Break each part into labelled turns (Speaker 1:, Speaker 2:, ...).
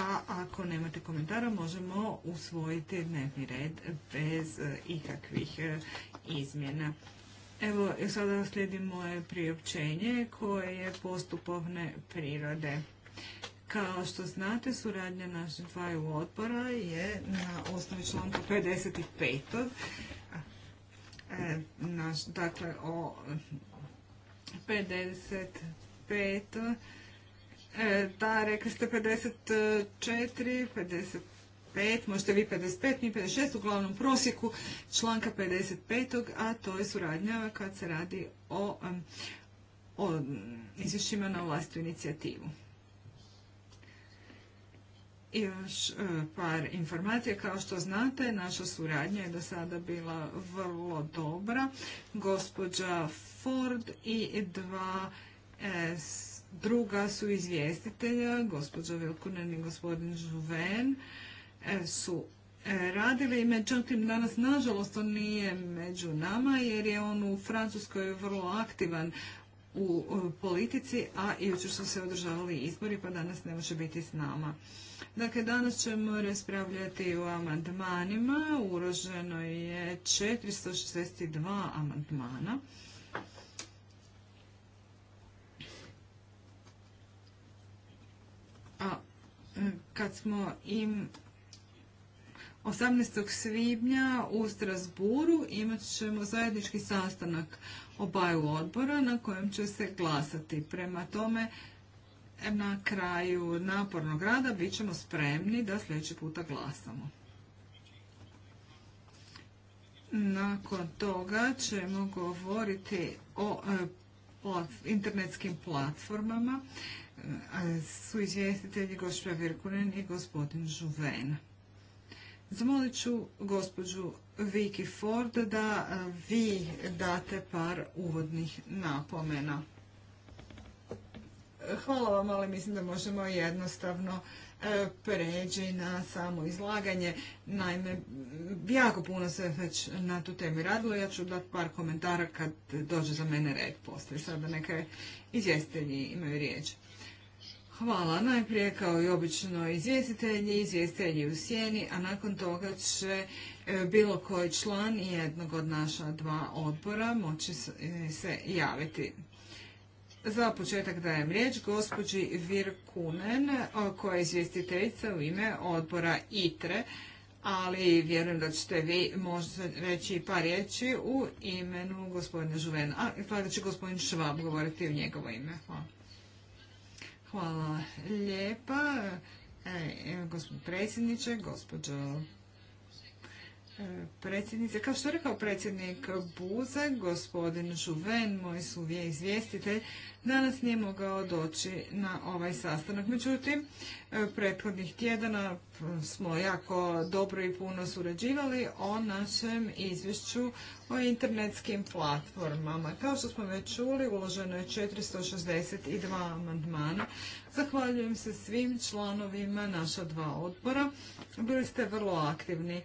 Speaker 1: a ako nemate komentara možemo usvojiti dnevni red bez e, ikakvih e, izmjena. Evo, sada slijedi moje priopćenje koje je postupovne prirode. Kao što znate, suradnja naših dvaju odbora je na osnovi članka 55. E, dakle, o 55. E, da, rekli ste 54, 55, možete vi 55, mi 56, u glavnom prosjeku članka 55. a to je suradnja kad se radi o, izvješćima na vlastu inicijativu. I još e, par informacija. Kao što znate, naša suradnja je do sada bila vrlo dobra. Gospođa Ford i dva s e, Druga su izvjestitelja, gospođa Vilkunen i gospodin Žuven, e, su e, radili, međutim danas nažalost on nije među nama jer je on u Francuskoj vrlo aktivan u politici, a jučer su se održavali izbori pa danas ne može biti s nama. Dakle, danas ćemo raspravljati o amandmanima. Uroženo je 462 amandmana. kad smo im 18. svibnja u Strasburu imat ćemo zajednički sastanak obaju odbora na kojem će se glasati. Prema tome, na kraju napornog rada bit ćemo spremni da sljedeći puta glasamo. Nakon toga ćemo govoriti o e, internetskim platformama su izvjestitelji gospođa Virkunen i gospodin Žuven. Zamolit ću gospođu Vicky Ford da vi date par uvodnih napomena. Hvala vam, ali mislim da možemo jednostavno e, pređi na samo izlaganje. Naime, jako puno se već na tu temi radilo. Ja ću dati par komentara kad dođe za mene red poslije. Sada neke izvjestitelji imaju riječ. Hvala. Najprije kao i obično izvjestitelji, izvjestitelji u sjeni, a nakon toga će e, bilo koji član jednog od naša dva odbora moći e, se javiti. Za početak dajem riječ gospođi Virkunen koja je izvjestiteljica u ime odbora ITRE, ali vjerujem da ćete vi možda reći par riječi u imenu gospodina Žuvena, a pa da će gospodin Švab govoriti u njegovo ime. Hvala. Hvala lijepa, e, gospodin predsjedniče, gospođo predsjednice. Kao što je rekao predsjednik Buze, gospodin Žuven, moj suvije izvjestitelj, danas nije mogao doći na ovaj sastanak. Međutim, e, prethodnih tjedana smo jako dobro i puno surađivali o našem izvješću o internetskim platformama. Kao što smo već čuli, uloženo je 462 amandmana. Zahvaljujem se svim članovima naša dva odbora. Bili ste vrlo aktivni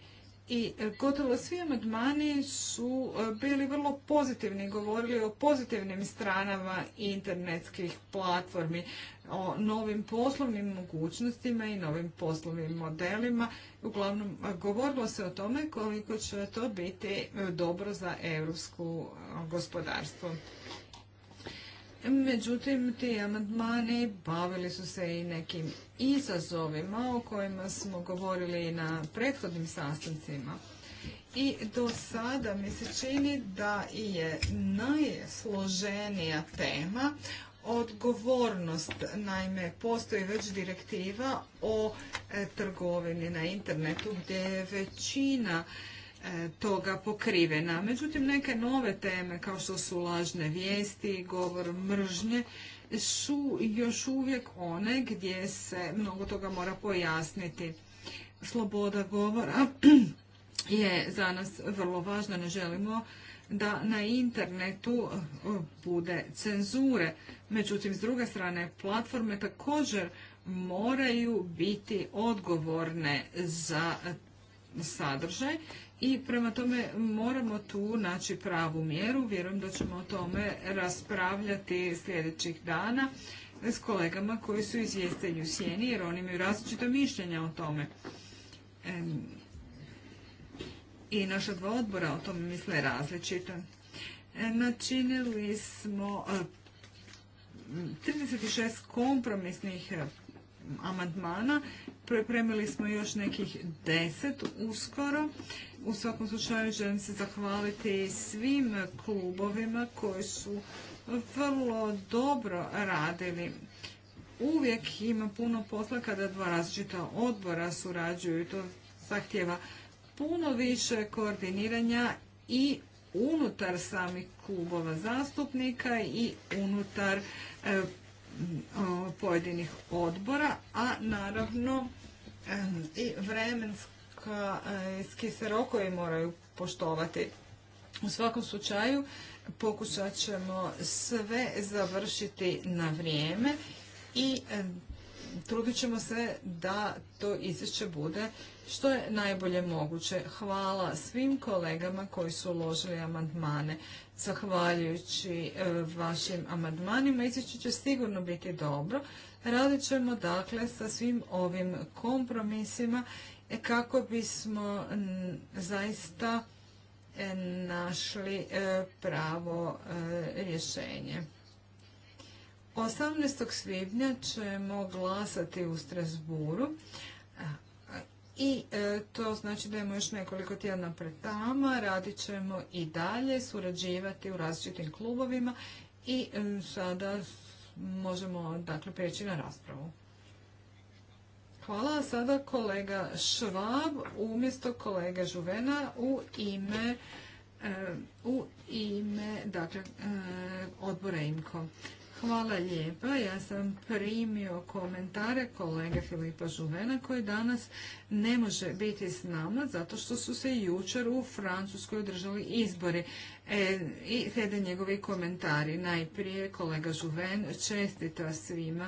Speaker 1: i e, gotovo svi amandmani su e, bili vrlo pozitivni, govorili o pozitivnim stranama internetskih platformi, o novim poslovnim mogućnostima i novim poslovnim modelima. Uglavnom, e, govorilo se o tome koliko će to biti dobro za evropsku gospodarstvo. Međutim, ti amandmani bavili su se i nekim izazovima o kojima smo govorili na prethodnim sastancima. I do sada mi se čini da je najsloženija tema odgovornost. Naime, postoji već direktiva o e, trgovini na internetu gdje je većina E, toga pokrivena. Međutim, neke nove teme kao što su lažne vijesti, govor mržnje, su još uvijek one gdje se mnogo toga mora pojasniti. Sloboda govora je za nas vrlo važna. Ne želimo da na internetu e, bude cenzure. Međutim, s druge strane, platforme također moraju biti odgovorne za sadržaj i prema tome moramo tu naći pravu mjeru. Vjerujem da ćemo o tome raspravljati sljedećih dana s kolegama koji su izvjestitelji u sjeni jer oni imaju različita mišljenja o tome. I naša dva odbora o tome misle različito. načinili smo 36 e, kompromisnih e, amandmana. Pripremili smo još nekih 10 uskoro u svakom slučaju želim se zahvaliti svim klubovima koji su vrlo dobro radili. Uvijek ima puno posla kada dva različita odbora surađuju i to zahtjeva puno više koordiniranja i unutar samih klubova zastupnika i unutar e, pojedinih odbora, a naravno e, i vremenski Eh, se rokovi moraju poštovati. U svakom slučaju pokušat ćemo sve završiti na vrijeme i eh, trudit ćemo se da to izvješće bude što je najbolje moguće. Hvala svim kolegama koji su uložili amandmane. Zahvaljujući eh, vašim amandmanima izvješće će sigurno biti dobro. Radit ćemo dakle sa svim ovim kompromisima kako bismo zaista e, našli e, pravo e, rješenje. 18. svibnja ćemo glasati u Strasburu i to znači da imamo još nekoliko tjedna pred nama, radit ćemo i dalje, surađivati u različitim klubovima i sada možemo dakle, prijeći na raspravu. Hvala. Sada kolega Švab umjesto kolege Žuvena u ime e, u ime dakle, e, odbora IMKO. Hvala lijepa. Ja sam primio komentare kolege Filipa Žuvena koji danas ne može biti s nama zato što su se jučer u Francuskoj održali izbori. E, I sede njegovi komentari. Najprije kolega Žuven čestita svima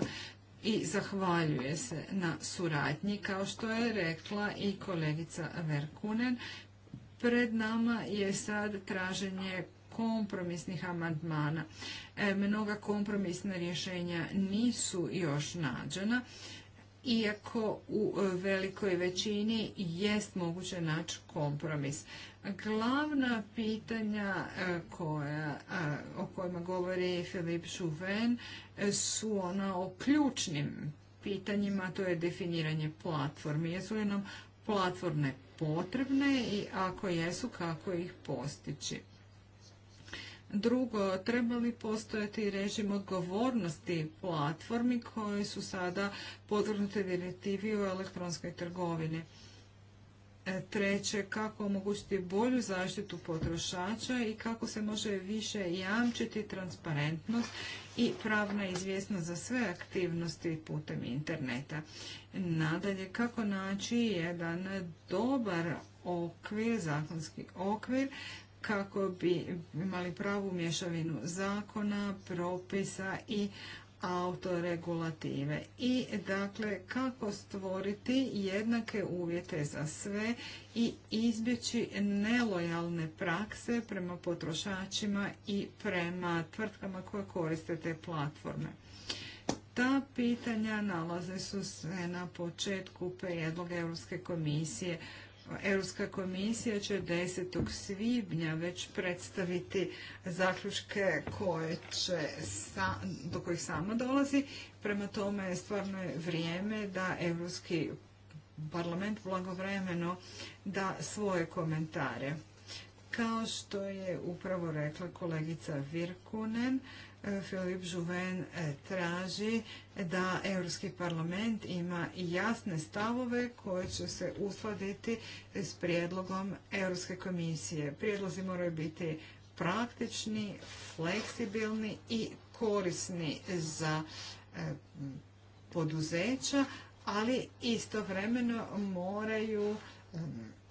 Speaker 1: i zahvaljuje se na suradnji, kao što je rekla i kolegica Verkunen. Pred nama je sad traženje kompromisnih amandmana. E, mnoga kompromisna rješenja nisu još nađena, iako u velikoj većini jest moguće naći kompromis. Glavna pitanja e, koja, e, o kojima govori Filip Šuven e, su ona o ključnim pitanjima, to je definiranje platformi. Jesu li nam platforme potrebne i ako jesu, kako ih postići? Drugo, treba li postojati režim odgovornosti platformi koje su sada podvrgnute direktivi u elektronskoj trgovini? Treće, kako omogućiti bolju zaštitu potrošača i kako se može više jamčiti transparentnost i pravna izvjesnost za sve aktivnosti putem interneta. Nadalje, kako naći jedan dobar okvir, zakonski okvir, kako bi imali pravu mješavinu zakona, propisa i autoregulative i dakle kako stvoriti jednake uvjete za sve i izbjeći nelojalne prakse prema potrošačima i prema tvrtkama koje koriste te platforme. Ta pitanja nalaze su sve na početku prijedloga Europske komisije Europska komisija će 10. svibnja već predstaviti zaključke koje će do kojih sama dolazi. Prema tome stvarno je vrijeme da Europski parlament blagovremeno da svoje komentare. Kao što je upravo rekla kolegica Virkunen, Filip Žuven eh, traži da Europski parlament ima jasne stavove koje će se uskladiti s prijedlogom Europske komisije. Prijedlozi moraju biti praktični, fleksibilni i korisni za e, poduzeća, ali istovremeno moraju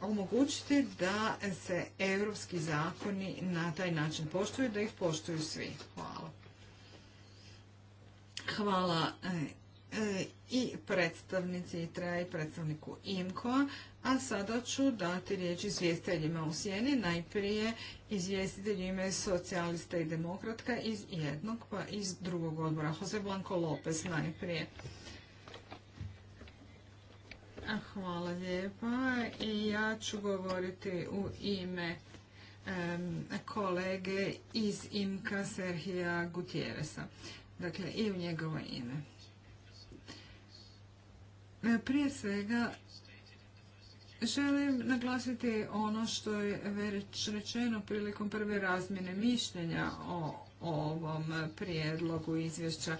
Speaker 1: omogućiti da se europski zakoni na taj način poštuju, da ih poštuju svi. Hvala. Hvala e, e, i predstavnici ITRA i predstavniku IMKO. A sada ću dati riječ izvjestiteljima u sjeni. Najprije izvjestitelj ime socijalista i demokratka iz jednog pa iz drugog odbora. Jose Blanco Lopez najprije. Hvala lijepa. I ja ću govoriti u ime kolege iz IMKA Serhija Gutjeresa dakle i u njegovo ime. E, prije svega, želim naglasiti ono što je već rečeno prilikom prve razmjene mišljenja o ovom prijedlogu izvješća.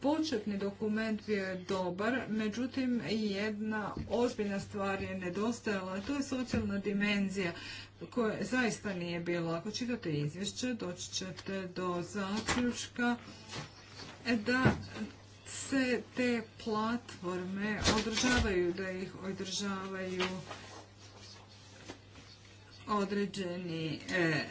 Speaker 1: Početni dokument bio je dobar, međutim jedna ozbiljna stvar je nedostajala, to je socijalna dimenzija koja zaista nije bila. Ako čitate izvješće, doći ćete do zaključka E, da se te platforme održavaju, da ih održavaju određeni e,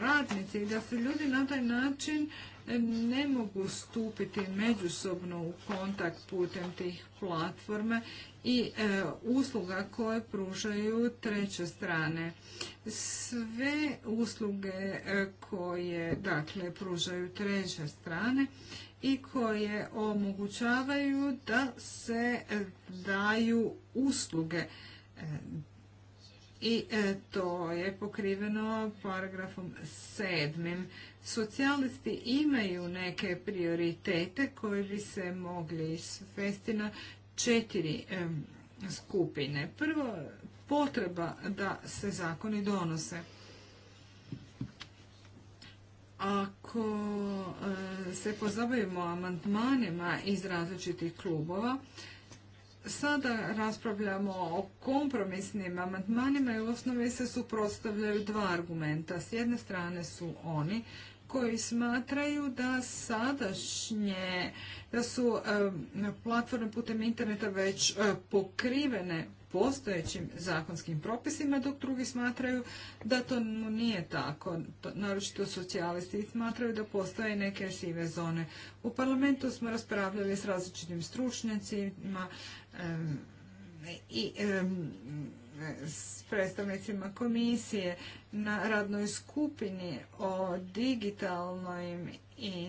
Speaker 1: radnici i da se ljudi na taj način e, ne mogu stupiti međusobno u kontakt putem tih platforme i e, usluga koje pružaju treće strane. Sve usluge e, koje dakle pružaju treće strane i koje omogućavaju da se daju usluge i e, to je pokriveno paragrafom sedmim. Socijalisti imaju neke prioritete koji bi se mogli svesti na četiri e, skupine. Prvo, potreba da se zakoni donose. Ako e, se pozabavimo amandmanima iz različitih klubova, Sada raspravljamo o kompromisnim amandmanima i u osnovi se suprotstavljaju dva argumenta. S jedne strane su oni koji smatraju da sadašnje, da su platforme putem interneta već e, pokrivene postojećim zakonskim propisima, dok drugi smatraju da to nije tako. Naročito socijalisti smatraju da postoje neke sive zone. U parlamentu smo raspravljali s različitim stručnjacima i s predstavnicima komisije na radnoj skupini o digitalnoj i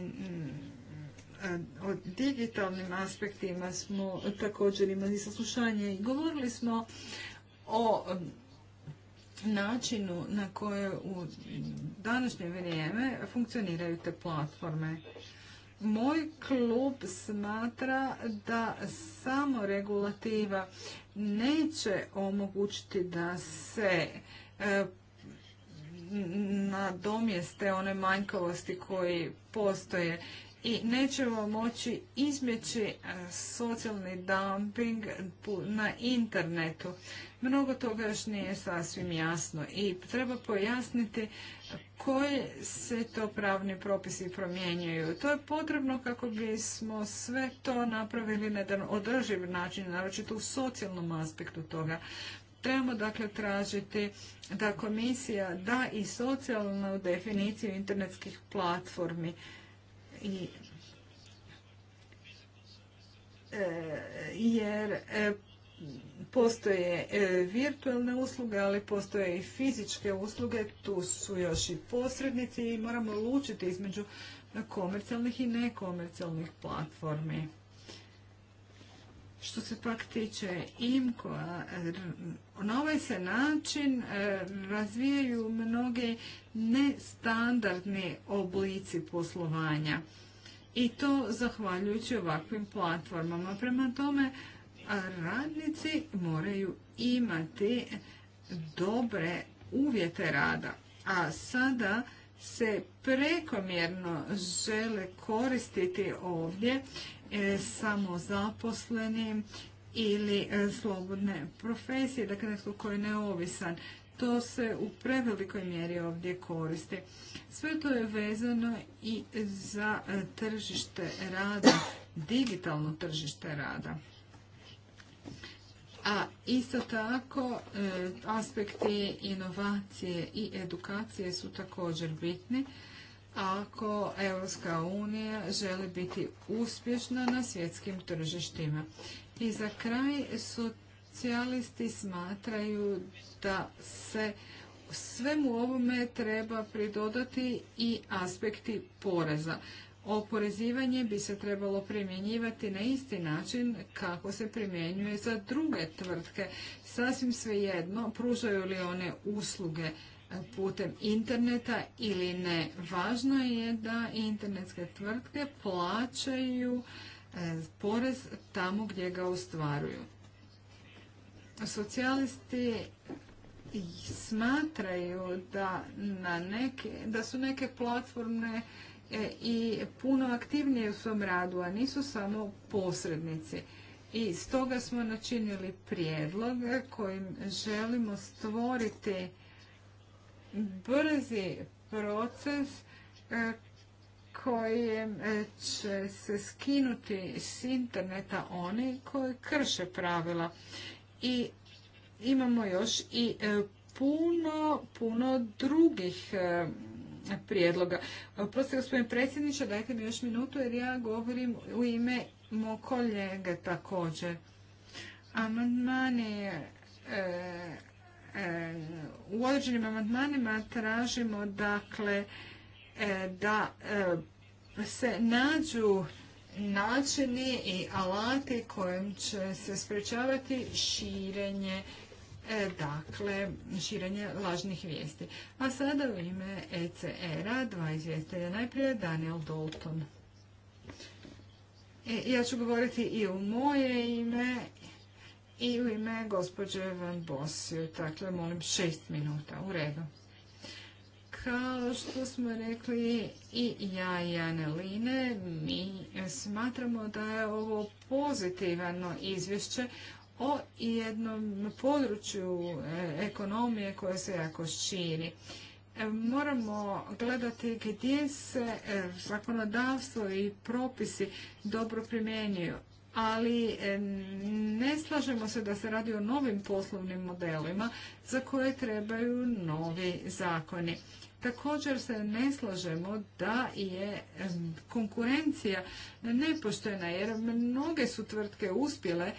Speaker 1: E, o digitalnim aspektima smo također imali saslušanje i govorili smo o načinu na koje u današnje vrijeme funkcioniraju te platforme. Moj klub smatra da samo regulativa neće omogućiti da se e, nadomjeste one manjkavosti koji postoje i nećemo moći izbjeći e, socijalni dumping na internetu. Mnogo toga još nije sasvim jasno i treba pojasniti koje se to pravni propisi promjenjuju. To je potrebno kako bismo sve to napravili na jedan održiv način, naročito u socijalnom aspektu toga. Trebamo dakle tražiti da komisija da i socijalnu definiciju internetskih platformi i, e, jer e, postoje e, virtualne usluge, ali postoje i fizičke usluge, tu su još i posrednici i moramo lučiti između komercijalnih i nekomercijalnih platformi. Što se pak tiče imko na ovaj se način e, razvijaju mnoge nestandardni oblici poslovanja. I to zahvaljujući ovakvim platformama. Prema tome, radnici moraju imati dobre uvjete rada. A sada se prekomjerno žele koristiti ovdje E, samozaposlenim ili e, slobodne profesije, dakle netko koji je neovisan. To se u prevelikoj mjeri ovdje koristi. Sve to je vezano i za e, tržište rada, digitalno tržište rada. A isto tako aspekti inovacije i edukacije su također bitni ako Europska unija želi biti uspješna na svjetskim tržištima. I za kraj socijalisti smatraju da se svemu ovome treba pridodati i aspekti poreza. Oporezivanje bi se trebalo primjenjivati na isti način kako se primjenjuje za druge tvrtke. Sasvim svejedno pružaju li one usluge putem interneta ili ne. Važno je da internetske tvrtke plaćaju e, porez tamo gdje ga ostvaruju. Socijalisti smatraju da, su neke platforme e, i puno aktivnije u svom radu, a nisu samo posrednici. I stoga smo načinili prijedlog kojim želimo stvoriti brzi proces e, kojem e, će se skinuti s interneta oni koji krše pravila. I imamo još i e, puno, puno drugih prijedloga. Prosti gospodin predsjedniče, dajte mi još minutu jer ja govorim u ime mog kolege također. Amandman je. E, u određenim amandmanima tražimo dakle e, da e, se nađu načini i alati kojim će se sprečavati širenje dakle, širenje lažnih vijesti. A sada u ime ECR-a dva izvjestelja. Najprije Daniel Dalton. Ja ću govoriti i u moje ime i u ime gospođe Van Bosio, Dakle, molim šest minuta. U redu. Kao što smo rekli i ja i Aneline, mi smatramo da je ovo pozitivno izvješće o jednom području e, ekonomije koje se jako širi. E, moramo gledati gdje se e, zakonodavstvo i propisi dobro primjenjuju, ali ne slažemo se da se radi o novim poslovnim modelima za koje trebaju novi zakoni. Također se ne slažemo da je konkurencija nepoštena jer mnoge su tvrtke uspjele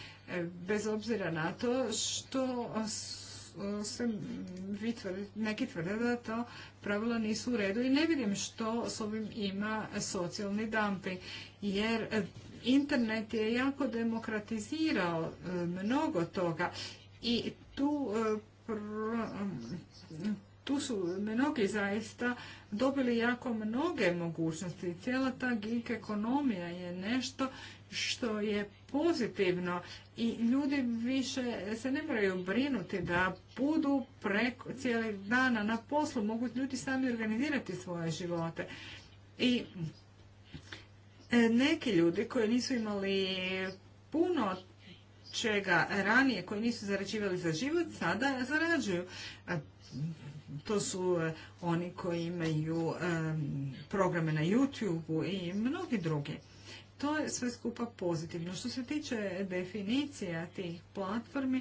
Speaker 1: bez obzira na to što su neki tvrde da to pravila nisu u redu i ne vidim što s ovim ima socijalni dumping. Jer e, internet je jako demokratizirao e, mnogo toga i tu e, tu su mnogi zaista dobili jako mnoge mogućnosti. Cijela ta gig ekonomija je nešto što je pozitivno i ljudi više se ne moraju brinuti da budu preko cijelog dana na poslu, mogu ljudi sami organizirati svoje živote. I e, neki ljudi koji nisu imali puno čega ranije, koji nisu zarađivali za život, sada zarađuju. E, to su e, oni koji imaju programe na YouTube i mnogi drugi. To je sve skupa pozitivno. Što se tiče definicija tih platformi,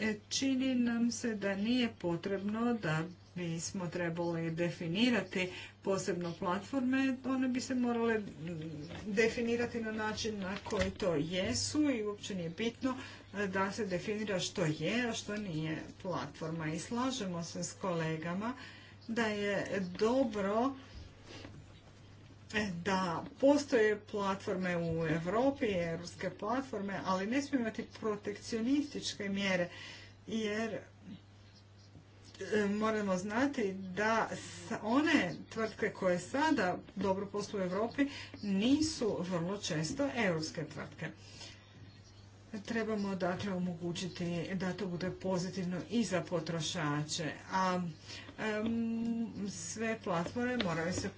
Speaker 1: e, čini nam se da nije potrebno da mi smo trebali definirati posebno platforme, one bi se morale definirati na način na koji to jesu i uopće nije bitno e, da se definira što je, a što nije platforma. I slažemo se s kolegama da je dobro E, da postoje platforme u Europi, europske platforme, ali ne smije imati protekcionističke mjere jer e, moramo znati da one tvrtke koje sada dobro posluju u Europi nisu vrlo često europske tvrtke. Trebamo dakle omogućiti da to bude pozitivno i za potrošače, a sve platforme moraju se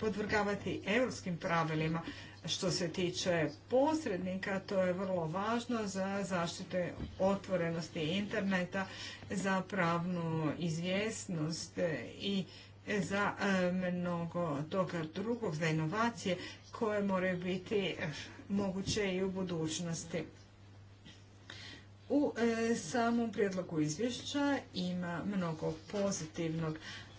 Speaker 1: podvrgavati europskim pravilima. Što se tiče posrednika, to je vrlo važno za zaštite otvorenosti interneta, za pravnu izvjesnost i za mnogo toga drugog, za inovacije koje moraju biti moguće i u budućnosti. U e, samom prijedlogu izvješća ima mnogo pozitivnog.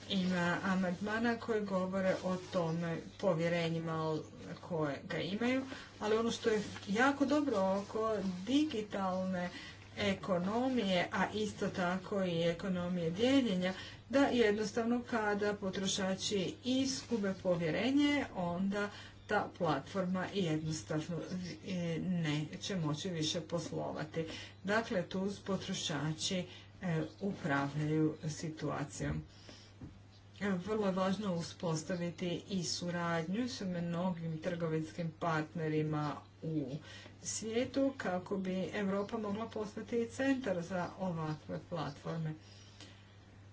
Speaker 1: Ima amandmana koji govore o tome povjerenjima koje ga imaju, ali ono što je jako dobro oko digitalne ekonomije, a isto tako i ekonomije dijeljenja, da jednostavno kada potrošači iskube povjerenje, onda ta platforma jednostavno e, neće moći više poslovati. Dakle, tu potrošači e, upravljaju situacijom. E, vrlo je važno uspostaviti i suradnju sa mnogim trgovinskim partnerima u svijetu kako bi Europa mogla postati i centar za ovakve platforme.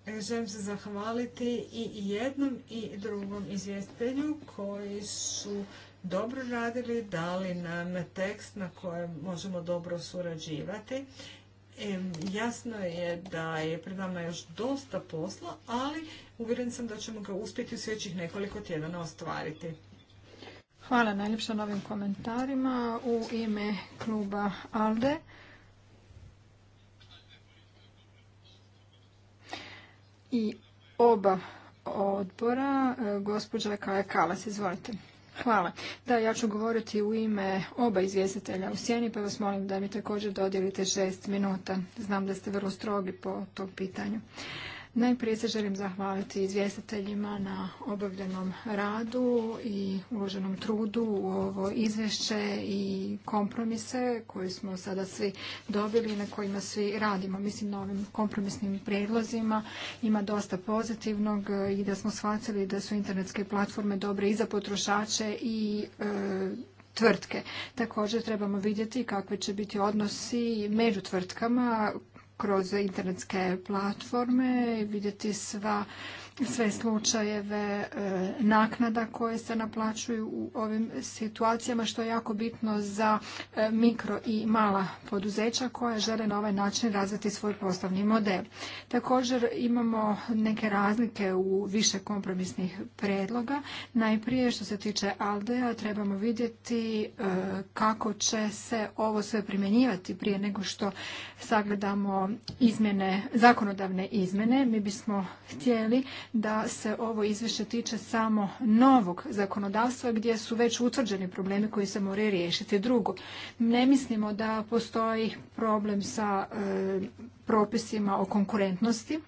Speaker 1: E, želim se zahvaliti i jednom i drugom izvjestitelju koji su dobro radili, dali nam tekst na kojem možemo dobro surađivati. E, jasno je da je pred nama još dosta posla, ali uvjeren sam da ćemo ga uspjeti u sljedećih nekoliko tjedana ostvariti.
Speaker 2: Hvala najljepša novim komentarima u ime kluba ALDE. i oba odbora. E, gospođa Kaja Kalas, izvolite. Hvala. Da, ja ću govoriti u ime oba izvjestitelja u sjeni, pa vas molim da mi također dodijelite šest minuta. Znam da ste vrlo strogi po tom pitanju. Najprije se želim zahvaliti izvjestiteljima na obavljenom radu i uloženom trudu u ovo izvješće i kompromise koje smo sada svi dobili i na kojima svi radimo. Mislim na ovim kompromisnim prijedlozima ima dosta pozitivnog i da smo shvatili da su internetske platforme dobre i za potrošače i e, tvrtke. Također trebamo vidjeti kakve će biti odnosi među tvrtkama kroz internetske platforme i vidjeti sva sve slučajeve e, naknada koje se naplaćuju u ovim situacijama što je jako bitno za e, mikro i mala poduzeća koja žele na ovaj način razviti svoj poslovni model. Također imamo neke razlike u više kompromisnih predloga. Najprije što se tiče Aldeja trebamo vidjeti e, kako će se ovo sve primjenjivati prije nego što sagledamo izmjene, zakonodavne izmjene. Mi bismo htjeli da se ovo izvješće tiče samo novog zakonodavstva gdje su već utvrđeni problemi koji se moraju riješiti. Drugo, ne mislimo da postoji problem sa e, propisima o konkurentnosti.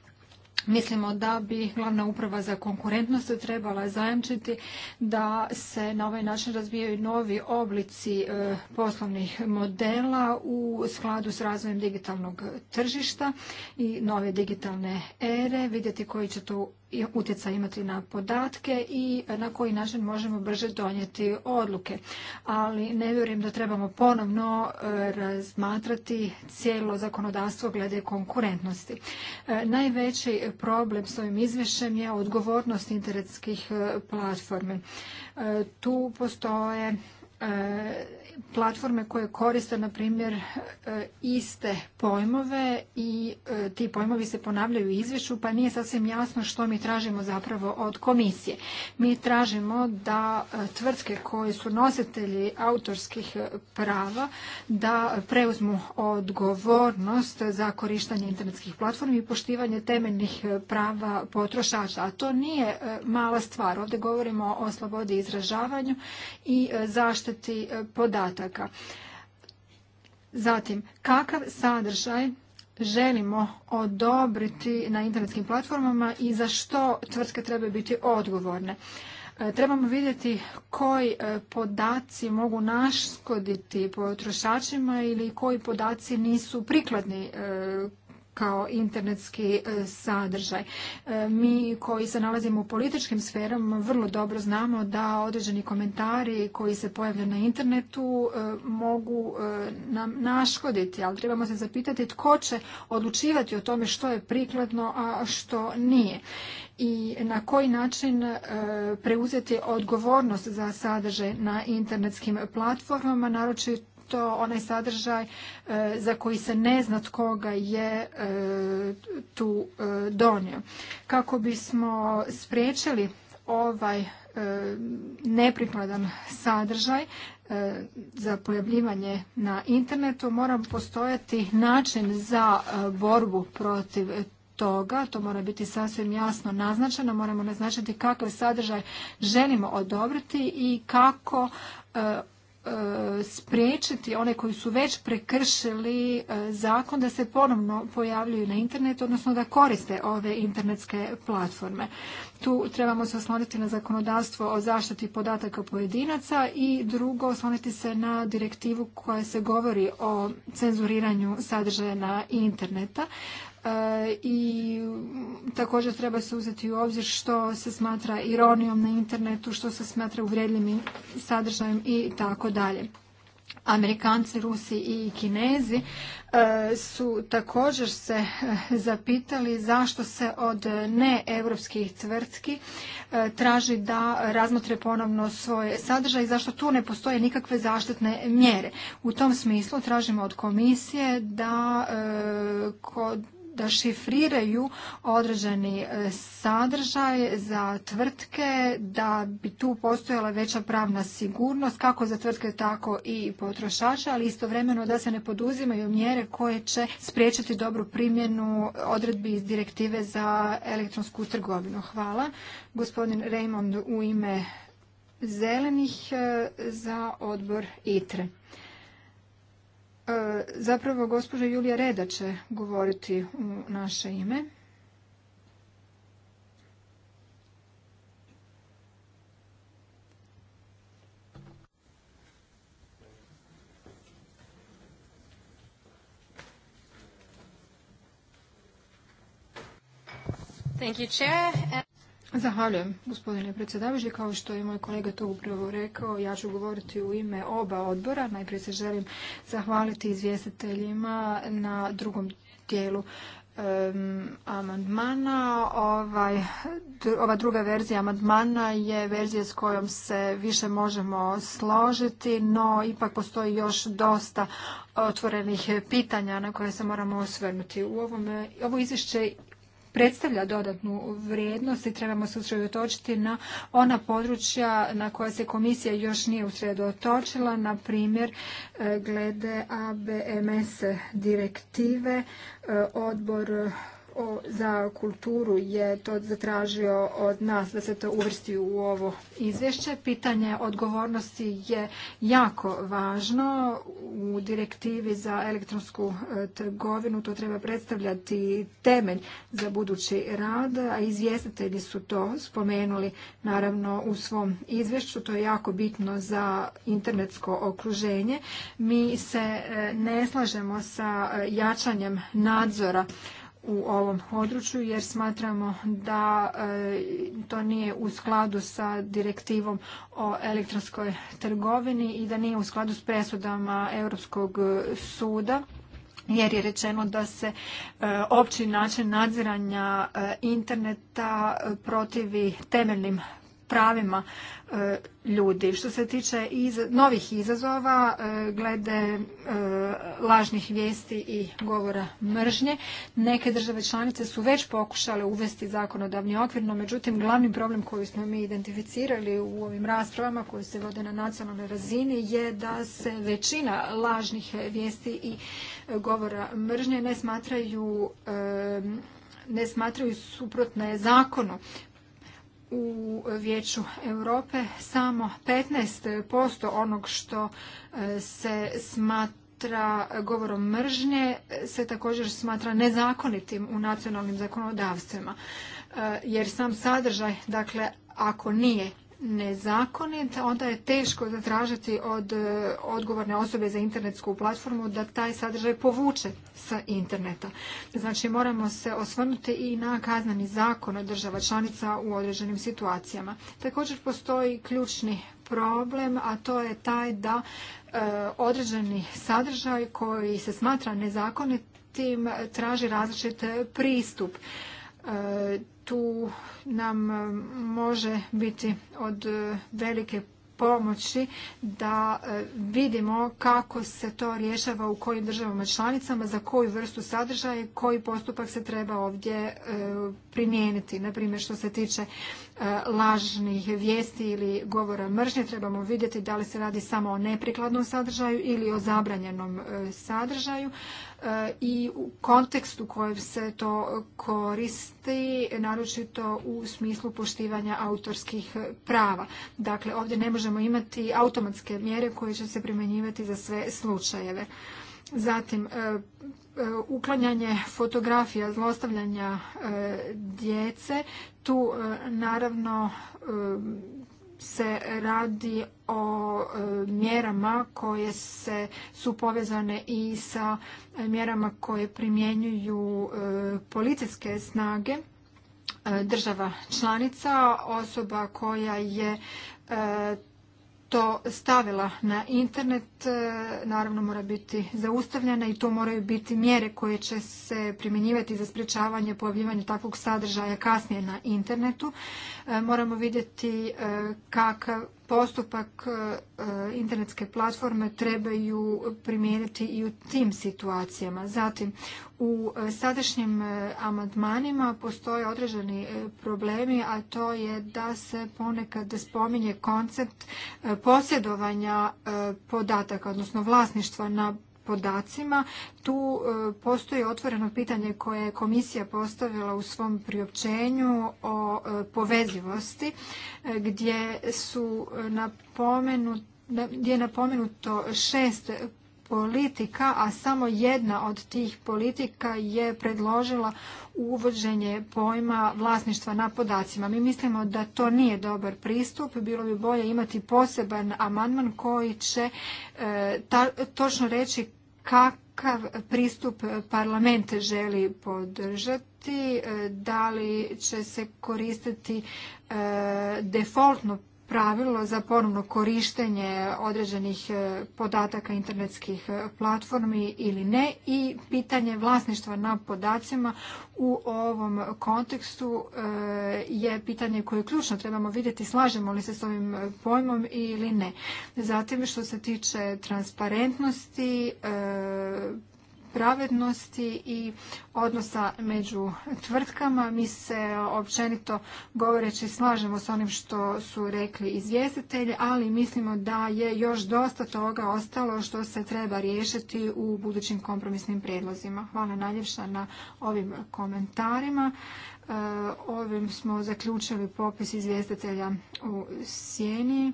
Speaker 2: Mislimo da bi glavna uprava za konkurentnost trebala zajamčiti da se na ovaj način razvijaju novi oblici e, poslovnih modela u skladu s razvojem digitalnog tržišta i nove digitalne ere, vidjeti koji će to utjecaj imati na podatke i na koji način možemo brže donijeti odluke. Ali ne vjerujem da trebamo ponovno e, razmatrati cijelo zakonodavstvo glede konkurentnosti. E, najveći problem s ovim izvješćem je odgovornost internetskih e, platforme. Tu postoje platforme koje koriste, na primjer, e, iste pojmove i e, ti pojmovi se ponavljaju u izvješću, pa nije sasvim jasno što mi tražimo zapravo od komisije. Mi tražimo da e, tvrtke koje su nositelji autorskih prava da preuzmu odgovornost za korištenje internetskih platformi i poštivanje temeljnih prava potrošača. A to nije mala stvar. Ovdje govorimo o slobodi izražavanju i zaštiti podataka podataka. Zatim, kakav sadržaj želimo odobriti na internetskim platformama i za što tvrtke trebaju biti odgovorne. E, trebamo vidjeti koji e, podaci mogu naškoditi potrošačima ili koji podaci nisu prikladni e, kao internetski e, sadržaj. E, mi koji se nalazimo u političkim sferama vrlo dobro znamo da određeni komentari koji se pojavljaju na internetu e, mogu nam naškoditi, ali trebamo se zapitati tko će odlučivati o tome što je prikladno, a što nije i na koji način preuzeti odgovornost za sadržaj na internetskim platformama, naročito to onaj sadržaj e, za koji se ne zna tko ga je e, tu e, donio. Kako bismo spriječili ovaj neprikladan sadržaj za pojavljivanje na internetu mora postojati način za borbu protiv toga, to mora biti sasvim jasno naznačeno, moramo naznačiti kakav sadržaj želimo odobriti i kako E, spriječiti one koji su već prekršili e, zakon da se ponovno pojavljuju na internetu, odnosno da koriste ove internetske platforme. Tu trebamo se osloniti na zakonodavstvo o zaštiti podataka pojedinaca i drugo osloniti se na direktivu koja se govori o cenzuriranju sadržaja na interneta E, i također treba se uzeti u obzir što se smatra ironijom na internetu, što se smatra uvredljivim sadržajem i tako dalje. Amerikanci, Rusi i Kinezi e, su također se e, zapitali zašto se od neevropskih tvrtki traži da razmotre ponovno svoje sadržaj i zašto tu ne postoje nikakve zaštitne mjere. U tom smislu tražimo od komisije da kod da šifriraju određeni e, sadržaj za tvrtke, da bi tu postojala veća pravna sigurnost, kako za tvrtke, tako i potrošače, ali istovremeno da se ne poduzimaju mjere koje će spriječiti dobru primjenu odredbi iz direktive za elektronsku trgovinu. Hvala. Gospodin Raymond u ime zelenih e, za odbor ITRE. E, zapravo, gospođa Julija Reda će govoriti u naše ime. Thank you, Chair. Zahvaljujem, gospodine predsjedavajući. Kao što je moj kolega to upravo rekao, ja ću govoriti u ime oba odbora. Najprije se želim zahvaliti izvjestiteljima na drugom dijelu amandmana. Ovaj, ova druga verzija amandmana je verzija s kojom se više možemo složiti, no ipak postoji još dosta otvorenih pitanja na koje se moramo osvrnuti. U ovom, ovo izvješće predstavlja dodatnu vrijednost i trebamo se usredotočiti na ona područja na koja se komisija još nije usredotočila, na primjer e, glede ABMS direktive e, odbor za kulturu je to zatražio od nas da se to uvrsti u ovo izvješće. Pitanje odgovornosti je jako važno. U direktivi za elektronsku e, trgovinu to treba predstavljati temelj za budući rad, a izvjestitelji su to spomenuli naravno u svom izvješću. To je jako bitno za internetsko okruženje. Mi se e, ne slažemo sa e, jačanjem nadzora u ovom području jer smatramo da e, to nije u skladu sa direktivom o elektronskoj trgovini i da nije u skladu s presudama Europskog e, suda jer je rečeno da se e, opći način nadziranja interneta protivi temeljnim pravima e, ljudi. Što se tiče novih izazova e, glede e, lažnih vijesti i govora mržnje, neke države članice su već pokušale uvesti zakonodavni okvir, no međutim glavni problem koji smo mi identificirali u ovim raspravama koje se vode na nacionalnoj razini je da se većina lažnih vijesti i govora mržnje ne smatraju ne smatraju suprotne zakonu u Vijeću Europe samo 15% onog što e, se smatra govorom mržnje se također smatra nezakonitim u nacionalnim zakonodavstvima. E, jer sam sadržaj, dakle, ako nije nezakonit, onda je teško zatražiti od e, odgovorne osobe za internetsku platformu da taj sadržaj povuče sa interneta. Znači moramo se osvrnuti i na kaznani zakon od država članica u određenim situacijama. Također postoji ključni problem, a to je taj da e, određeni sadržaj koji se smatra nezakonitim traži različit pristup. E, tu nam e, može biti od e, velike pomoći da e, vidimo kako se to rješava u kojim državama članicama, za koju vrstu sadržaja koji postupak se treba ovdje primijeniti. Naprimjer, što se tiče E, lažnih vijesti ili govora mržnje. Trebamo vidjeti da li se radi samo o neprikladnom sadržaju ili o zabranjenom e, sadržaju e, i u kontekstu u kojem se to koristi, naročito u smislu poštivanja autorskih prava. Dakle, ovdje ne možemo imati automatske mjere koje će se primjenjivati za sve slučajeve. Zatim, e, e, uklanjanje fotografija zlostavljanja e, djece. Tu naravno se radi o mjerama koje se, su povezane i sa mjerama koje primjenjuju policijske snage država članica, osoba koja je stavila na internet, e, naravno mora biti zaustavljena i to moraju biti mjere koje će se primjenjivati za sprječavanje pojavljivanja takvog sadržaja kasnije na internetu. E, moramo vidjeti e, kakav postupak e, e, internetske platforme trebaju primijeniti i u tim situacijama. Zatim, u e, sadašnjim amandmanima postoje određeni problemi, a to je da se ponekad spominje koncept posjedovanja podataka, odnosno vlasništva na podacima. Tu e, postoji otvoreno pitanje koje je komisija postavila u svom priopćenju o e, povezivosti e, gdje su napomenuti gdje je napomenuto šest politika, a samo jedna od tih politika je predložila uvođenje pojma vlasništva na podacima. Mi mislimo da to nije dobar pristup, bilo bi bolje imati poseban amandman koji će e, točno reći kakav pristup parlament želi podržati, e, da li će se koristiti e, defaultno pravilo za ponovno korištenje određenih e, podataka internetskih e, platformi ili ne i pitanje vlasništva na podacima u ovom kontekstu e, je pitanje koje ključno. Trebamo vidjeti slažemo li se s ovim pojmom ili ne. Zatim što se tiče transparentnosti, pravednosti i odnosa među tvrtkama. Mi se općenito govoreći slažemo s onim što su rekli izvjestitelji, ali mislimo da je još dosta toga ostalo što se treba riješiti u budućim kompromisnim prijedlozima. Hvala najljepša na ovim komentarima. E, ovim smo zaključili popis izvjestitelja u Sjeni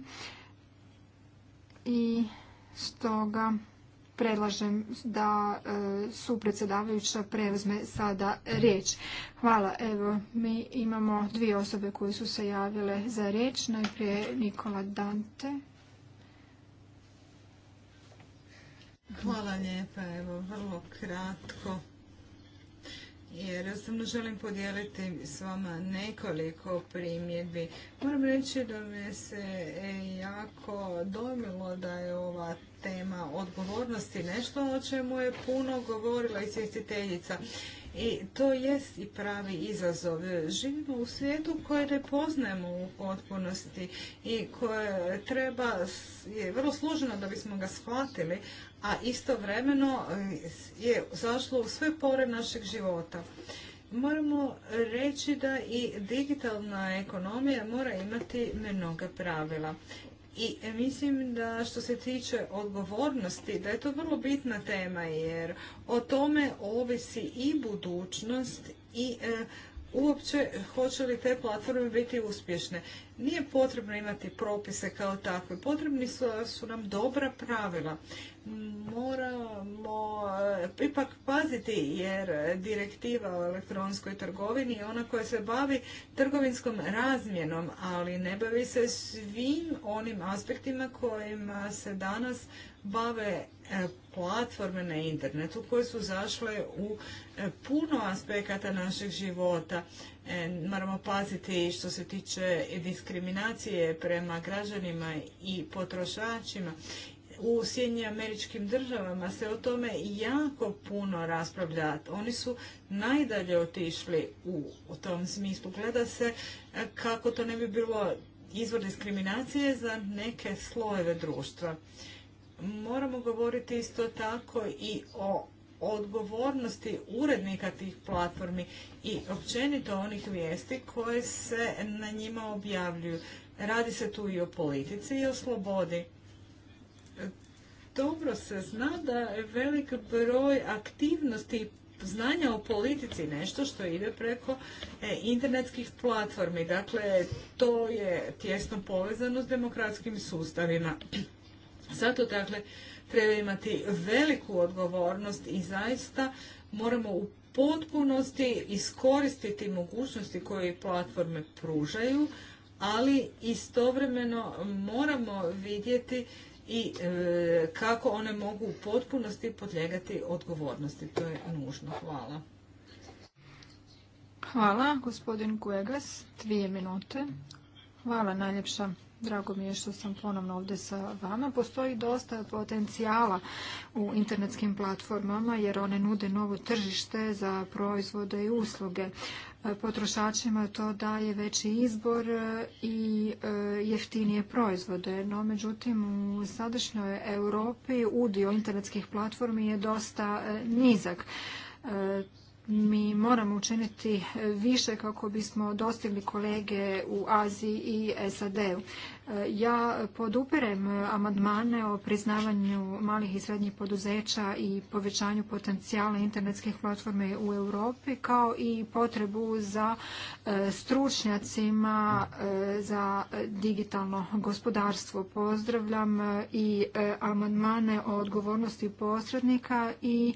Speaker 2: i stoga predlažem da e, su predsjedavajuća preuzme sada riječ. Hvala. Evo, mi imamo dvije osobe koje su se javile za riječ. Najprije Nikola Dante.
Speaker 1: Hvala lijepa. Evo, vrlo kratko jer samo želim podijeliti s vama nekoliko primjedbi. Moram reći da me se e, jako dojmilo da je ova tema odgovornosti nešto o čemu je puno govorila izvjestiteljica. I to jest i pravi izazov. Živimo u svijetu koje ne poznajemo u potpunosti i koje treba, je vrlo služeno da bismo ga shvatili, a istovremeno eh, je zašlo u sve pore našeg života. Moramo reći da i digitalna ekonomija mora imati mnoga pravila. I eh, mislim da što se tiče odgovornosti, da je to vrlo bitna tema jer o tome ovisi i budućnost i eh, uopće hoće li te platforme biti uspješne. Nije potrebno imati propise kao takve, potrebni su, su nam dobra pravila moramo eh, ipak paziti jer direktiva o elektronskoj trgovini je ona koja se bavi trgovinskom razmjenom, ali ne bavi se svim onim aspektima kojima se danas bave eh, platforme na internetu koje su zašle u eh, puno aspekata našeg života. Moramo paziti što se tiče diskriminacije prema građanima i potrošačima u Sjednji američkim državama se o tome jako puno raspravlja. Oni su najdalje otišli u tom smislu. Gleda se e, kako to ne bi bilo izvor diskriminacije za neke slojeve društva. Moramo govoriti isto tako i o odgovornosti urednika tih platformi i općenito onih vijesti koje se na njima objavljuju. Radi se tu i o politici i o slobodi dobro se zna da je velik broj aktivnosti znanja o politici nešto što ide preko e, internetskih platformi. Dakle, to je tjesno povezano s demokratskim sustavima. Zato, dakle, treba imati veliku odgovornost i zaista moramo u potpunosti iskoristiti mogućnosti koje platforme pružaju, ali istovremeno moramo vidjeti i e, kako one mogu u potpunosti podlijegati odgovornosti. To je nužno. Hvala.
Speaker 2: Hvala, gospodin Kuegas. Dvije minute. Hvala najljepša. Drago mi je što sam ponovno ovdje sa vama. Postoji dosta potencijala u internetskim platformama jer one nude novo tržište za proizvode i usluge potrošačima to daje veći izbor i e, jeftinije proizvode. No, međutim, u sadašnjoj Europi udio internetskih platformi je dosta e, nizak. E, mi moramo učiniti više kako bismo dostigli kolege u Aziji i SAD-u. Ja podupirem amandmane o priznavanju malih i srednjih poduzeća i povećanju potencijala internetskih platforme u Europi kao i potrebu za e, stručnjacima e, za digitalno gospodarstvo. Pozdravljam e, i amandmane o odgovornosti posrednika i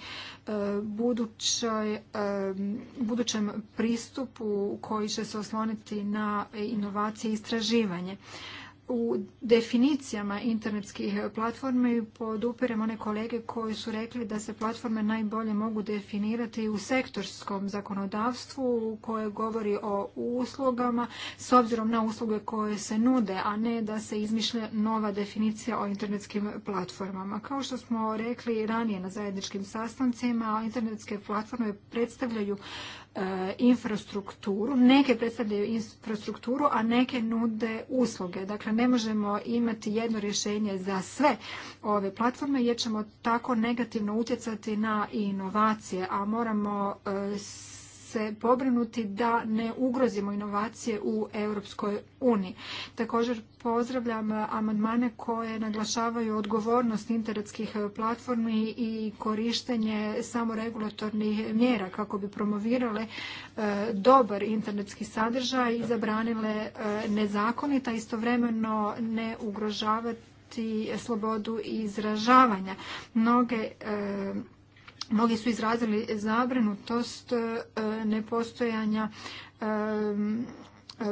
Speaker 2: budućem pristupu koji će se osloniti na inovacije i istraživanje u definicijama internetskih e, platformi podupirem one kolege koji su rekli da se platforme najbolje mogu definirati u sektorskom zakonodavstvu koje govori o uslugama s obzirom na usluge koje se nude, a ne da se izmišlja nova definicija o internetskim platformama. Kao što smo rekli ranije na zajedničkim sastancima, internetske platforme predstavljaju E, infrastrukturu. Neke predstavljaju infrastrukturu, a neke nude usluge. Dakle, ne možemo imati jedno rješenje za sve ove platforme jer ćemo tako negativno utjecati na inovacije, a moramo e, se pobrinuti da ne ugrozimo inovacije u Europskoj uniji. Također pozdravljam amandmane koje naglašavaju odgovornost internetskih platformi i korištenje samoregulatornih mjera kako bi promovirale e, dobar internetski sadržaj i zabranile e, nezakonita, istovremeno ne ugrožavati slobodu izražavanja. Mnoge e, Mnogi su izrazili zabrinutost e, nepostojanja e,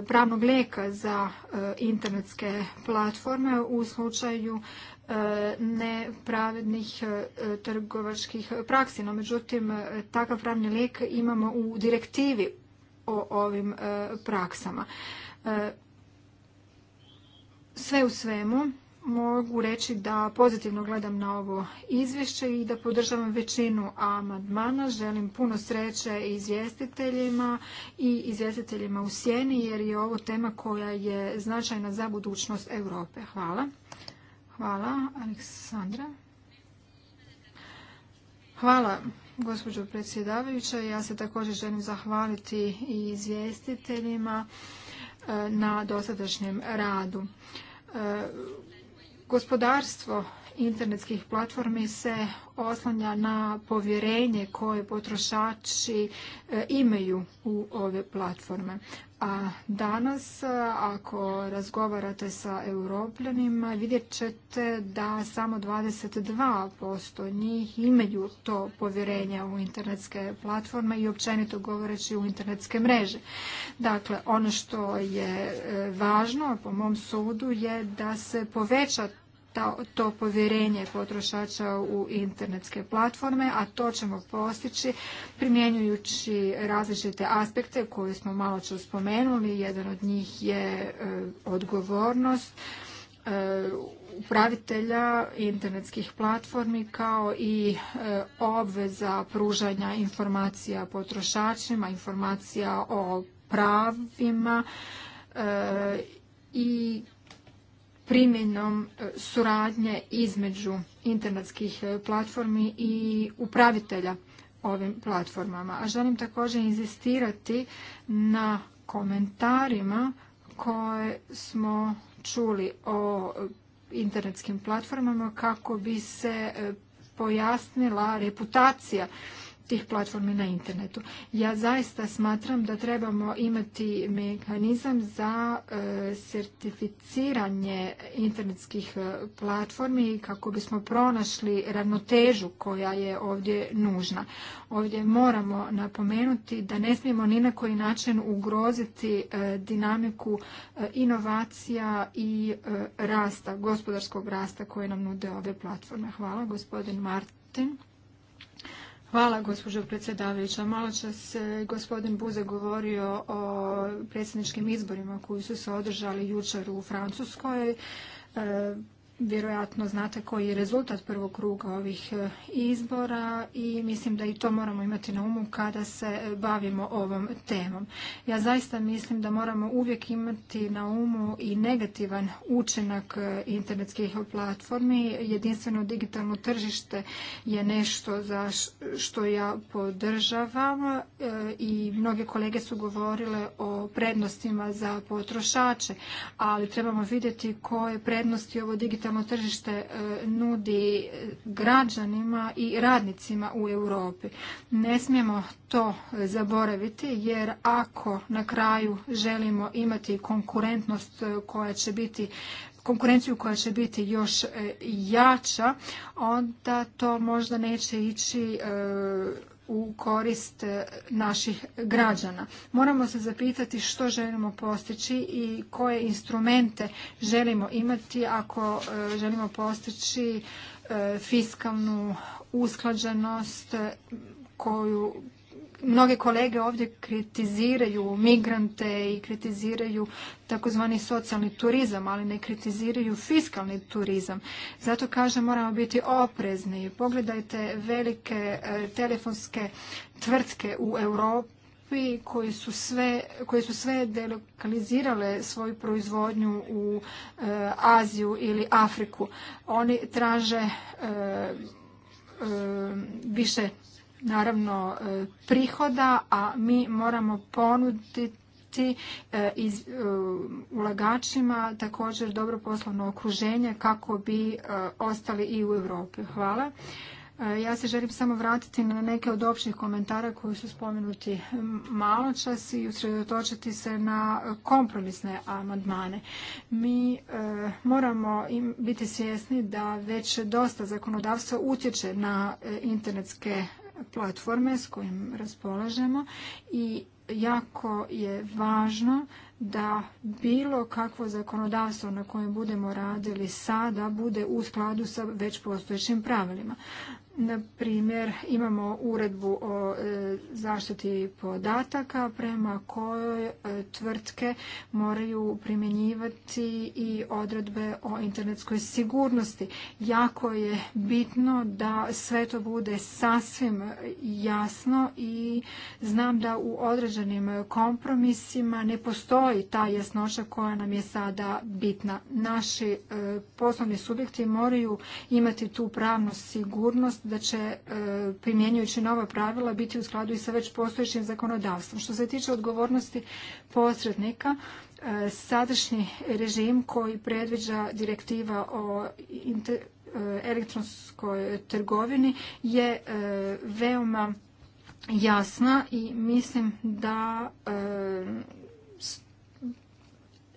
Speaker 2: pravnog lijeka za e, internetske platforme u slučaju nepravednih trgovačkih praksi. No, međutim, takav pravni lijek imamo u direktivi o ovim praksama. Sve u svemu, mogu reći da pozitivno gledam na ovo izvješće i da podržavam većinu amandmana. Želim puno sreće izvjestiteljima i izvjestiteljima u sjeni jer je ovo tema koja je značajna za budućnost Europe. Hvala. Hvala, Aleksandra. Hvala, gospođo predsjedavajuća. Ja se također želim zahvaliti i izvjestiteljima eh, na dosadašnjem radu eh, Gospodarstvo internetskih platformi se oslanja na povjerenje koje potrošači e, imaju u ove platforme. A danas, ako razgovarate sa europljanima, vidjet ćete da samo 22% njih imaju to povjerenje u internetske platforme i općenito govoreći u internetske mreže. Dakle, ono što je e, važno, po mom sudu, je da se poveća to povjerenje potrošača u internetske platforme, a to ćemo postići primjenjujući različite aspekte koje smo malo čas spomenuli. Jedan od njih je e, odgovornost e, upravitelja internetskih platformi kao i e, obveza pružanja informacija potrošačima, informacija o pravima i primjenom e, suradnje između internetskih e, platformi i upravitelja ovim platformama. A želim također inzistirati na komentarima koje smo čuli o e, internetskim platformama kako bi se pojasnila reputacija tih platformi na internetu. Ja zaista smatram da trebamo imati mehanizam za e, certificiranje internetskih e, platformi kako bismo pronašli ravnotežu koja je ovdje nužna. Ovdje moramo napomenuti da ne smijemo ni na koji način ugroziti e, dinamiku inovacija i rasta, gospodarskog rasta koje nam nude ove platforme. Hvala gospodin Martin. Hvala, gospođo predsjedavajuća. Malo čas e, gospodin Buze govorio o predsjedničkim izborima koji su se održali jučer u Francuskoj. E, Vjerojatno znate koji je rezultat prvog kruga ovih e, izbora i mislim da i to moramo imati na umu kada se e, bavimo ovom temom. Ja zaista mislim da moramo uvijek imati na umu i negativan učinak e, internetskih platformi. Jedinstveno digitalno tržište je nešto za što ja podržavam i mnoge kolege su govorile o prednostima za potrošače, ali trebamo vidjeti koje prednosti ovo digitalno digitalno tržište e, nudi e, građanima i radnicima u Europi. Ne smijemo to zaboraviti jer ako na kraju želimo imati konkurentnost e, koja će biti konkurenciju koja će biti još jača, onda to možda neće ići u korist e, naših građana. Moramo se zapitati što želimo postići i koje instrumente želimo imati ako e, želimo postići e, fiskalnu usklađenost koju Mnoge kolege ovdje kritiziraju migrante i kritiziraju takozvani socijalni turizam, ali ne kritiziraju fiskalni turizam. Zato kažem moramo biti oprezni. Pogledajte velike e, telefonske tvrtke u Europi koje su sve, koji su sve delokalizirale svoju proizvodnju u e, Aziju ili Afriku. Oni traže e, više naravno e, prihoda, a mi moramo ponuditi e, e, ulagačima također dobro poslovno okruženje kako bi ostali i u Europi. Hvala. Ja se želim samo vratiti na neke od općih komentara koji su spomenuti malo čas i usredotočiti se na kompromisne amandmane. Mi moramo biti svjesni da već dosta zakonodavstva utječe na internetske platforme s kojim raspolažemo i jako je važno da bilo kakvo zakonodavstvo na kojem budemo radili sada bude u skladu sa već postojećim pravilima. Na primjer, imamo uredbu o e, zaštiti podataka prema kojoj e, tvrtke moraju primjenjivati i odredbe o internetskoj sigurnosti. Jako je bitno da sve to bude sasvim jasno i znam da u određenim kompromisima ne postoji ta jasnoća koja nam je sada bitna. Naši e, poslovni subjekti moraju imati tu pravnu sigurnost da će e, primjenjujući nova pravila biti u skladu i sa već postojećim zakonodavstvom. Što se tiče odgovornosti posrednika, e, sadašnji režim koji predviđa direktiva o e, elektronskoj trgovini je veoma jasna i mislim da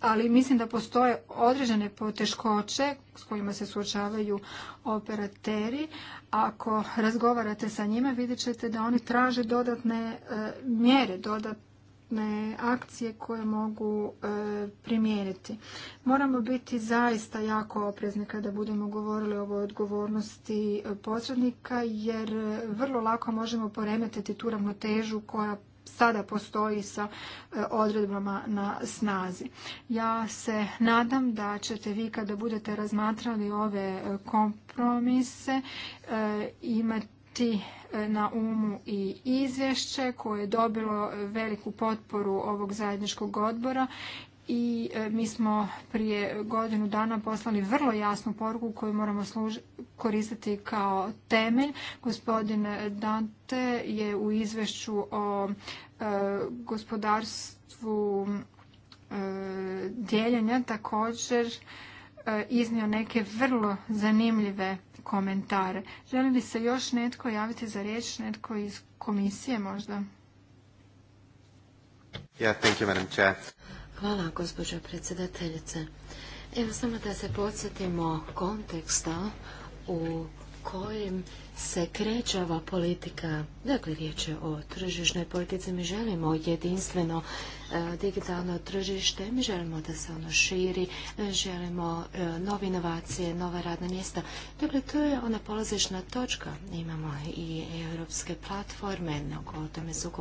Speaker 2: ali mislim da postoje određene poteškoće s kojima se suočavaju operateri. Ako razgovarate sa njima vidjet ćete da oni traže dodatne e, mjere, dodatne akcije koje mogu e, primijeniti. Moramo biti zaista jako oprezni kada budemo govorili o ovoj odgovornosti e, posrednika jer vrlo lako možemo poremetiti tu ravnotežu koja sada postoji sa e, odredbama na snazi. Ja se nadam da ćete vi kada budete razmatrali ove e, kompromise e, imati na umu i izvješće koje je dobilo veliku potporu ovog zajedničkog odbora i e, mi smo prije godinu dana poslali vrlo jasnu poruku koju moramo koristiti kao temelj. Gospodin Dante je u izvješću o e, gospodarstvu e, dijeljenja također iznio neke vrlo zanimljive komentare. Želi li se još netko javiti za riječ, netko iz komisije možda? Ja, thank you,
Speaker 3: Hvala, gospođo predsjedateljice. Evo samo da se podsjetimo konteksta u kojem se kreće ova politika, dakle riječ je o tržišnoj politici, mi želimo jedinstveno e, digitalno tržište, mi želimo da se ono širi, e, želimo e, nove inovacije, nova radna mjesta. Dakle, to je ona polazišna točka. Imamo i europske platforme, o tome su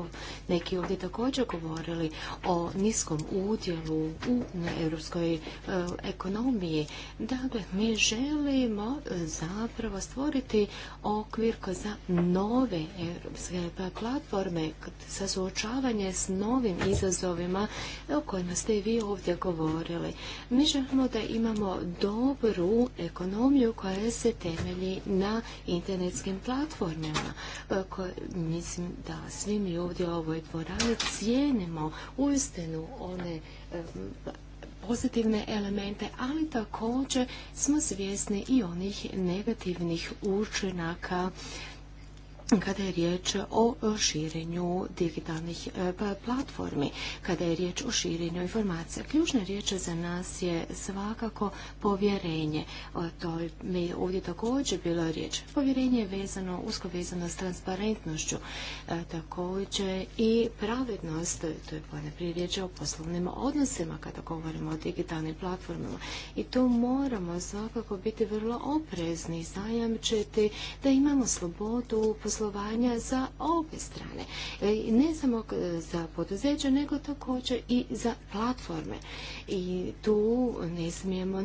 Speaker 3: neki ovdje također govorili o niskom udjelu u europskoj ekonomiji. Dakle, mi želimo zapravo stvoriti o okvir za nove europske platforme za suočavanje s novim izazovima o kojima ste i vi ovdje govorili. Mi želimo da imamo dobru ekonomiju koja se temelji na internetskim platformama. E, mislim da svi mi ovdje u ovoj dvorani cijenimo uistinu one pozitivne elemente, ali također smo svjesni i onih negativnih učinaka kada je riječ o širenju digitalnih e, pa, platformi, kada je riječ o širenju informacija. Ključna riječ za nas je svakako povjerenje. to mi ovdje također bilo riječ. Povjerenje je vezano, usko vezano s transparentnošću. E, također i pravednost, to je prije riječ o poslovnim odnosima kada govorimo o digitalnim platformama. I tu moramo svakako biti vrlo oprezni, zajamčiti da imamo slobodu u poslovanja za obje strane. E, ne samo za poduzeće, nego također i za platforme. I tu ne smijemo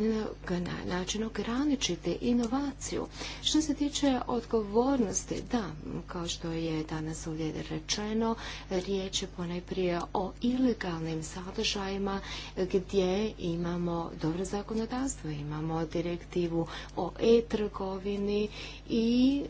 Speaker 3: na način ograničiti inovaciju. Što se tiče odgovornosti, da, kao što je danas ovdje rečeno, riječ je ponajprije o ilegalnim sadržajima gdje imamo dobro zakonodavstvo, imamo direktivu o e-trgovini i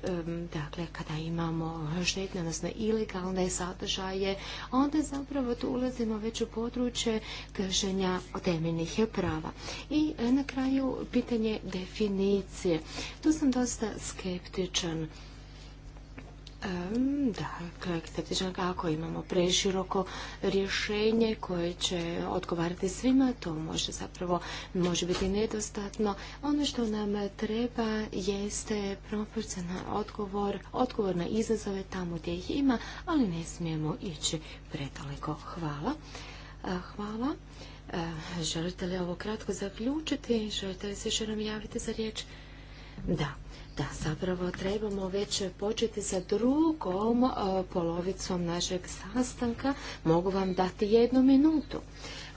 Speaker 3: dakle kada imamo imamo štetne, odnosno ilegalne sadržaje, onda zapravo tu ulazimo već u područje kršenja temeljnih prava. I e, na kraju pitanje definicije. Tu sam dosta skeptičan Dakle, ako imamo preširoko rješenje koje će odgovarati svima, to može zapravo može biti nedostatno. Ono što nam treba jeste proporcionalan odgovor, odgovor na izazove tamo gdje ih ima, ali ne smijemo ići predaleko. Hvala. E, hvala. E, želite li ovo kratko zaključiti? Želite li se još jednom javiti za riječ? Da da zapravo trebamo već početi sa drugom e, polovicom našeg sastanka. Mogu vam dati jednu minutu.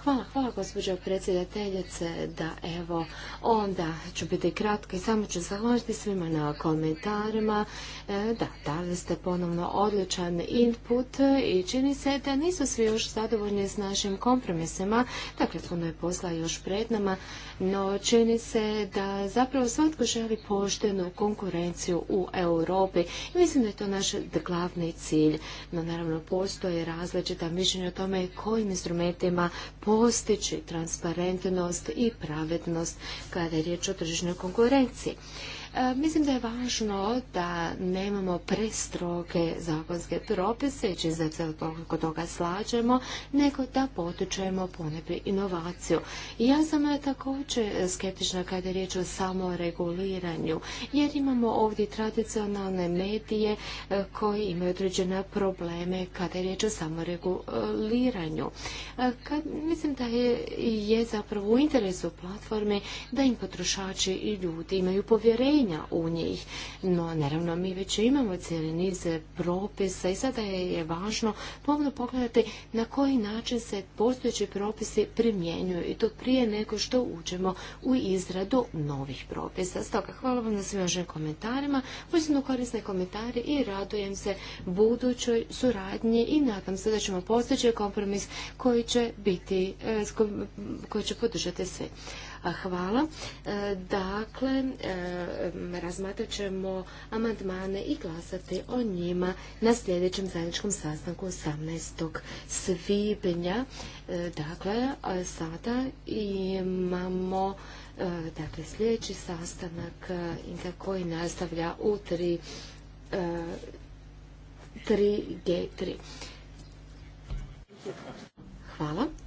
Speaker 3: Hvala, hvala gospođo predsjedateljice da evo onda ću biti kratka i samo ću zahvaliti svima na komentarima. E, da, dali ste ponovno odličan input i čini se da nisu svi još zadovoljni s našim kompromisima. Dakle, puno je posla još pred nama, no čini se da zapravo svatko želi poštenu konkurenciju u Europi. I mislim da je to naš glavni cilj. No naravno postoje različita mišljenja o tome kojim instrumentima postići transparentnost i pravednost kada je riječ o tržišnoj konkurenciji. E, mislim da je važno da nemamo prestroge zakonske propise će za se oko toga slađemo, nego da potičemo ponepe inovaciju. Ja sam e, također skeptična kada je riječ o samoreguliranju, jer imamo ovdje tradicionalne medije e, koji imaju određene probleme kada je riječ o samoreguliranju. mislim da je, je zapravo u interesu platforme da im potrošači i ljudi imaju povjerenje mijenja u njih. No, naravno, mi već imamo cijeli niz propisa i sada je važno pomno pogledati na koji način se postojeći propisi primjenjuju i to prije nego što uđemo u izradu novih propisa. Stoga, hvala vam na svim vašim komentarima, posebno korisne komentari i radujem se budućoj suradnji i nadam se da ćemo postojeći kompromis koji će biti, eh, koji će podržati sve. Hvala. E, dakle, e, razmatrat ćemo amandmane i glasati o njima na sljedećem zajedničkom sastanku 18. svibnja. E, dakle, sada imamo dakle, sljedeći sastanak koji nastavlja u 3 3G3. Hvala.